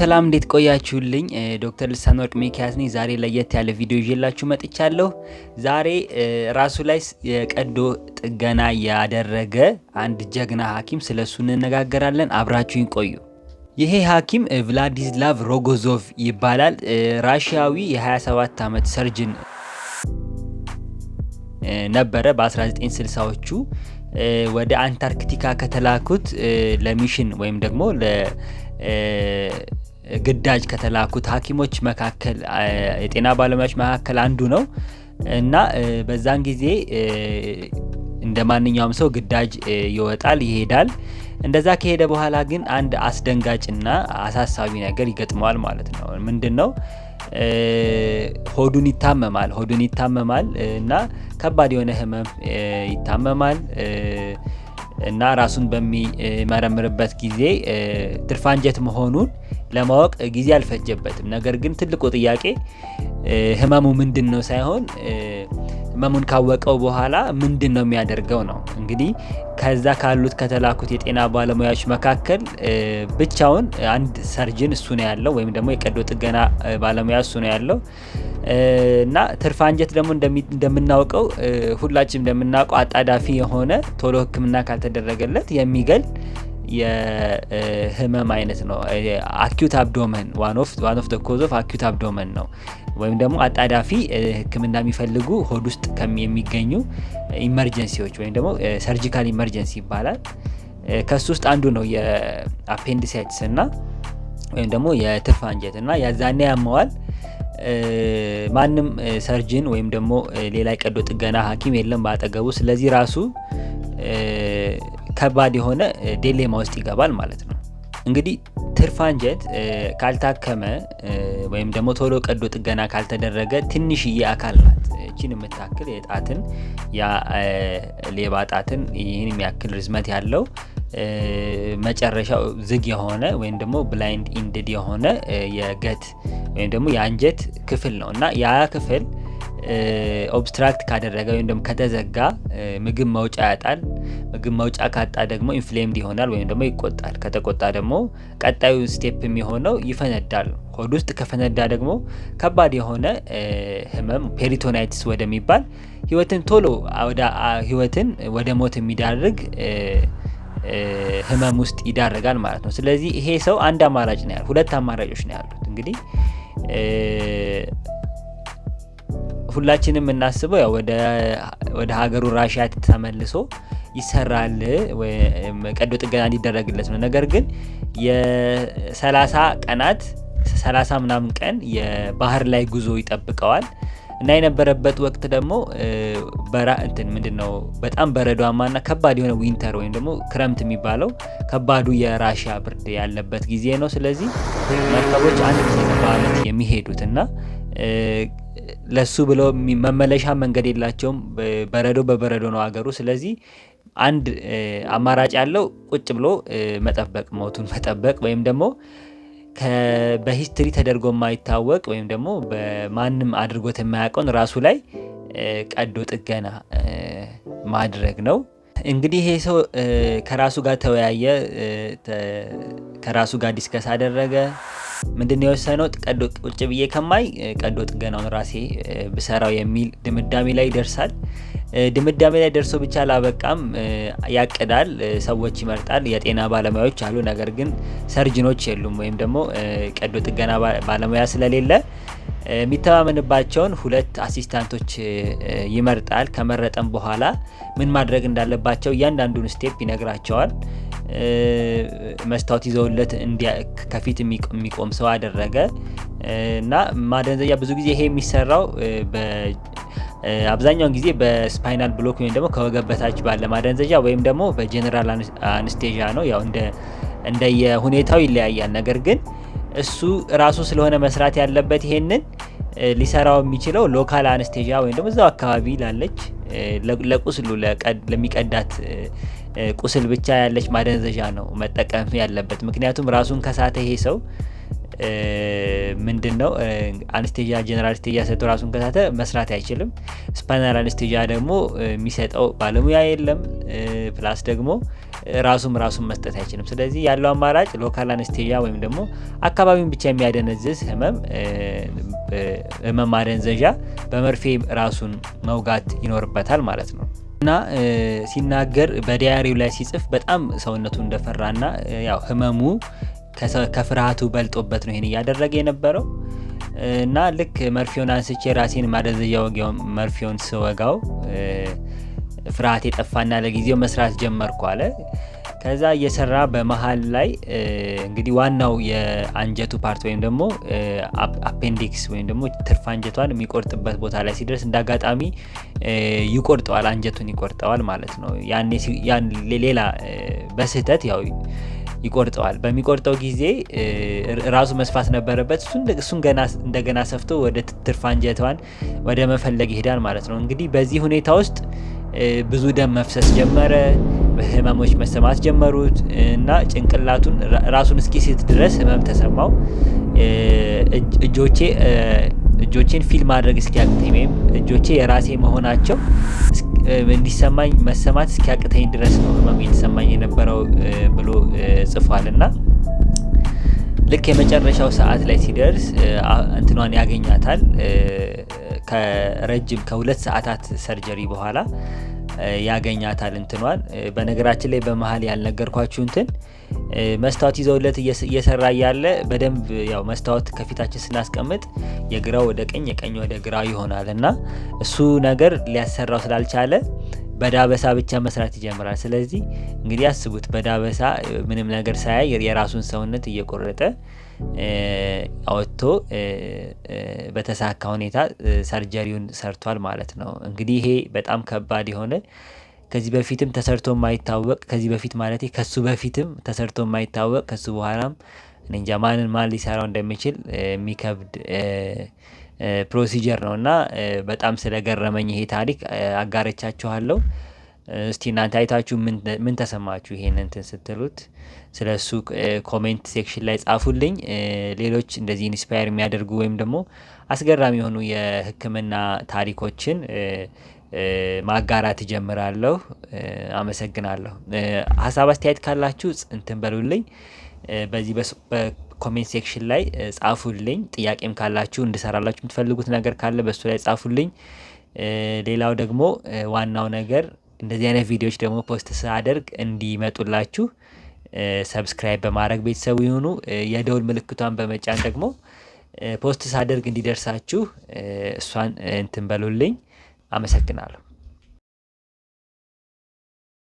ሰላም እንዴት ቆያችሁልኝ? ዶክተር ልሳን ወርቅ ሚኪያስ ነኝ። ዛሬ ለየት ያለ ቪዲዮ ይዤላችሁ መጥቻለሁ። ዛሬ ራሱ ላይ የቀዶ ጥገና ያደረገ አንድ ጀግና ሐኪም ስለሱ እንነጋገራለን። አብራችሁኝ ቆዩ። ይሄ ሐኪም ቭላዲስላቭ ሮጎዞቭ ይባላል። ራሽያዊ የ27 ዓመት ሰርጅን ነበረ በ1960ዎቹ ወደ አንታርክቲካ ከተላኩት ለሚሽን ወይም ደግሞ ግዳጅ ከተላኩት ሐኪሞች መካከል የጤና ባለሙያዎች መካከል አንዱ ነው እና በዛን ጊዜ እንደ ማንኛውም ሰው ግዳጅ ይወጣል፣ ይሄዳል። እንደዛ ከሄደ በኋላ ግን አንድ አስደንጋጭና አሳሳቢ ነገር ይገጥመዋል ማለት ነው። ምንድን ነው? ሆዱን ይታመማል። ሆዱን ይታመማል እና ከባድ የሆነ ህመም ይታመማል እና ራሱን በሚመረምርበት ጊዜ ትርፋንጀት መሆኑን ለማወቅ ጊዜ አልፈጀበትም። ነገር ግን ትልቁ ጥያቄ ህመሙ ምንድን ነው ሳይሆን ህመሙን ካወቀው በኋላ ምንድን ነው የሚያደርገው ነው። እንግዲህ ከዛ ካሉት ከተላኩት የጤና ባለሙያዎች መካከል ብቻውን አንድ ሰርጅን እሱ ነው ያለው፣ ወይም ደግሞ የቀዶ ጥገና ባለሙያ እሱ ነው ያለው እና ትርፍ አንጀት ደግሞ እንደምናውቀው ሁላችንም እንደምናውቀው አጣዳፊ የሆነ ቶሎ ህክምና ካልተደረገለት የሚገል የህመም አይነት ነው። አኪዩት አብዶመን ዋን ኦፍ ኮዝ ኦፍ አኪዩት አብዶመን ነው። ወይም ደግሞ አጣዳፊ ህክምና የሚፈልጉ ሆድ ውስጥ የሚገኙ ኢመርጀንሲዎች ወይም ደግሞ ሰርጂካል eh, ኢመርጀንሲ ይባላል። eh, ከሱ ውስጥ አንዱ ነው የአፔንዲሳይትስ እና ወይም ደግሞ የትርፍ አንጀት እና ያዛኔ ያመዋል። eh, ማንም ሰርጅን ወይም ደግሞ ሌላ የቀዶ ጥገና ሐኪም የለም በአጠገቡ ስለዚህ ራሱ ከባድ የሆነ ዴሌማ ውስጥ ይገባል ማለት ነው። እንግዲህ ትርፍ አንጀት ካልታከመ ወይም ደግሞ ቶሎ ቀዶ ጥገና ካልተደረገ ትንሽዬ አካል ናት። እችን የምታክል የጣትን ሌባ ጣትን ይህን የሚያክል ርዝመት ያለው መጨረሻው ዝግ የሆነ ወይም ደግሞ ብላይንድ ኢንድድ የሆነ የገት ወይም ደግሞ የአንጀት ክፍል ነው እና ያ ክፍል ኦብስትራክት ካደረገ ወይም ደግሞ ከተዘጋ ምግብ መውጫ ያጣል። ምግብ መውጫ ካጣ ደግሞ ኢንፍሌምድ ይሆናል ወይም ደግሞ ይቆጣል። ከተቆጣ ደግሞ ቀጣዩ ስቴፕ የሚሆነው ይፈነዳል። ሆድ ውስጥ ከፈነዳ ደግሞ ከባድ የሆነ ህመም ፔሪቶናይትስ ወደሚባል ህይወትን ቶሎ ህይወትን ወደ ሞት የሚዳርግ ህመም ውስጥ ይዳርጋል ማለት ነው። ስለዚህ ይሄ ሰው አንድ አማራጭ ነው ያሉ ሁለት አማራጮች ነው ያሉት እንግዲህ ሁላችንም የምናስበው ያው ወደ ሀገሩ ራሽያ ተመልሶ ይሰራል ቀዶ ጥገና እንዲደረግለት ነው። ነገር ግን የ30 ቀናት 30 ምናምን ቀን የባህር ላይ ጉዞ ይጠብቀዋል እና የነበረበት ወቅት ደግሞ በራ እንትን ምንድን ነው በጣም በረዷማ እና ከባድ የሆነ ዊንተር ወይም ደግሞ ክረምት የሚባለው ከባዱ የራሽያ ብርድ ያለበት ጊዜ ነው። ስለዚህ መርከቦች አንድ ጊዜ የሚሄዱት እና ለሱ ብለው መመለሻ መንገድ የላቸውም። በረዶ በበረዶ ነው ሀገሩ። ስለዚህ አንድ አማራጭ ያለው ቁጭ ብሎ መጠበቅ፣ ሞቱን መጠበቅ ወይም ደግሞ በሂስትሪ ተደርጎ የማይታወቅ ወይም ደግሞ በማንም አድርጎት የማያውቀውን ራሱ ላይ ቀዶ ጥገና ማድረግ ነው። እንግዲህ ይሄ ሰው ከራሱ ጋር ተወያየ፣ ከራሱ ጋር ዲስከስ አደረገ። ምንድን የወሰነው? ቀዶ ቁጭ ብዬ ከማይ ቀዶ ጥገናውን ራሴ ብሰራው የሚል ድምዳሜ ላይ ይደርሳል። ድምዳሜ ላይ ደርሶ ብቻ አላበቃም። ያቅዳል፣ ሰዎች ይመርጣል። የጤና ባለሙያዎች አሉ፣ ነገር ግን ሰርጅኖች የሉም፣ ወይም ደግሞ ቀዶ ጥገና ባለሙያ ስለሌለ የሚተማመንባቸውን ሁለት አሲስታንቶች ይመርጣል። ከመረጠም በኋላ ምን ማድረግ እንዳለባቸው እያንዳንዱን ስቴፕ ይነግራቸዋል። መስታወት ይዘውለት ከፊት የሚቆም ሰው አደረገ እና ማደንዘያ ብዙ ጊዜ ይሄ የሚሰራው አብዛኛውን ጊዜ በስፓይናል ብሎክ ወይም ደግሞ ከወገብ በታች ባለ ማደንዘዣ ወይም ደግሞ በጀኔራል አንስቴዣ ነው። ያው እንደየሁኔታው ይለያያል። ነገር ግን እሱ ራሱ ስለሆነ መስራት ያለበት ይሄንን ሊሰራው የሚችለው ሎካል አነስቴዥያ ወይም ደግሞ እዛው አካባቢ ላለች ለቁስሉ ለሚቀዳት ቁስል ብቻ ያለች ማደንዘዣ ነው መጠቀም ያለበት። ምክንያቱም ራሱን ከሳተ ይሄ ሰው ምንድን ነው አነስቴዥያ ጀነራል አነስቴዥያ ሰጥቶ ራሱን ከሳተ መስራት አይችልም። ስፓይናል አነስቴዥያ ደግሞ የሚሰጠው ባለሙያ የለም። ፕላስ ደግሞ ራሱም ራሱን መስጠት አይችልም። ስለዚህ ያለው አማራጭ ሎካል አነስቴዣ ወይም ደግሞ አካባቢውን ብቻ የሚያደነዝዝ ህመም ህመም ማደንዘዣ በመርፌ ራሱን መውጋት ይኖርበታል ማለት ነው። እና ሲናገር በዲያሪው ላይ ሲጽፍ በጣም ሰውነቱ እንደፈራና ያው ህመሙ ከፍርሃቱ በልጦበት ነው ይህን እያደረገ የነበረው እና ልክ መርፌውን አንስቼ ራሴን ማደንዘዣ ወጊያው መርፌውን ስወጋው ፍርሃት የጠፋና ለጊዜው መስራት ጀመርኩ አለ። ከዛ እየሰራ በመሀል ላይ እንግዲህ ዋናው የአንጀቱ ፓርት ወይም ደግሞ አፔንዲክስ ወይም ደግሞ ትርፍ አንጀቷን የሚቆርጥበት ቦታ ላይ ሲደርስ እንደ አጋጣሚ ይቆርጠዋል፣ አንጀቱን ይቆርጠዋል ማለት ነው። ያን ሌላ በስህተት ያው ይቆርጠዋል። በሚቆርጠው ጊዜ ራሱ መስፋት ነበረበት። እሱን ገና እንደገና ሰፍቶ ወደ ትርፍ አንጀቷን ወደ መፈለግ ይሄዳል ማለት ነው። እንግዲህ በዚህ ሁኔታ ውስጥ ብዙ ደም መፍሰስ ጀመረ። ህመሞች መሰማት ጀመሩት እና ጭንቅላቱን ራሱን እስኪስት ድረስ ህመም ተሰማው። እጆቼ እጆቼን ፊል ማድረግ እስኪያቅተኝ ወይም እጆቼ የራሴ መሆናቸው እንዲሰማኝ መሰማት እስኪያቅተኝ ድረስ ነው ህመም እየተሰማኝ የነበረው ብሎ ጽፏል እና ልክ የመጨረሻው ሰዓት ላይ ሲደርስ እንትኗን ያገኛታል ከረጅም ከሁለት ሰዓታት ሰርጀሪ በኋላ ያገኛታል እንትኗል። በነገራችን ላይ በመሀል ያልነገርኳችሁ እንትን መስታወት ይዘውለት እየሰራ እያለ በደንብ ያው መስታወት ከፊታችን ስናስቀምጥ የግራው ወደ ቀኝ የቀኝ ወደ ግራ ይሆናል እና እሱ ነገር ሊያሰራው ስላልቻለ በዳበሳ ብቻ መስራት ይጀምራል። ስለዚህ እንግዲህ አስቡት፣ በዳበሳ ምንም ነገር ሳያይ የራሱን ሰውነት እየቆረጠ አወጥቶ በተሳካ ሁኔታ ሰርጀሪውን ሰርቷል ማለት ነው። እንግዲህ ይሄ በጣም ከባድ የሆነ ከዚህ በፊትም ተሰርቶ የማይታወቅ ከዚህ በፊት ማለት ከሱ በፊትም ተሰርቶ የማይታወቅ ከሱ በኋላም እኔ እንጃ ማንን ማን ሊሰራው እንደሚችል የሚከብድ ፕሮሲጀር ነው። እና በጣም ስለገረመኝ ይሄ ታሪክ አጋርቻችኋለሁ። እስቲ እናንተ አይታችሁ ምን ተሰማችሁ? ይሄን እንትን ስትሉት ስለ እሱ ኮሜንት ሴክሽን ላይ ጻፉልኝ። ሌሎች እንደዚህ ኢንስፓየር የሚያደርጉ ወይም ደግሞ አስገራሚ የሆኑ የሕክምና ታሪኮችን ማጋራት እጀምራለሁ። አመሰግናለሁ። ሀሳብ አስተያየት ካላችሁ እንትን በሉልኝ፣ በዚህ በኮሜንት ሴክሽን ላይ ጻፉልኝ። ጥያቄም ካላችሁ እንድሰራላችሁ የምትፈልጉት ነገር ካለ በሱ ላይ ጻፉልኝ። ሌላው ደግሞ ዋናው ነገር እንደዚህ አይነት ቪዲዮዎች ደግሞ ፖስት ሳደርግ እንዲመጡላችሁ ሰብስክራይብ በማድረግ ቤተሰቡ ይሁኑ። የደውል ምልክቷን በመጫን ደግሞ ፖስት ሳደርግ እንዲደርሳችሁ እሷን እንትን በሉልኝ። አመሰግናለሁ።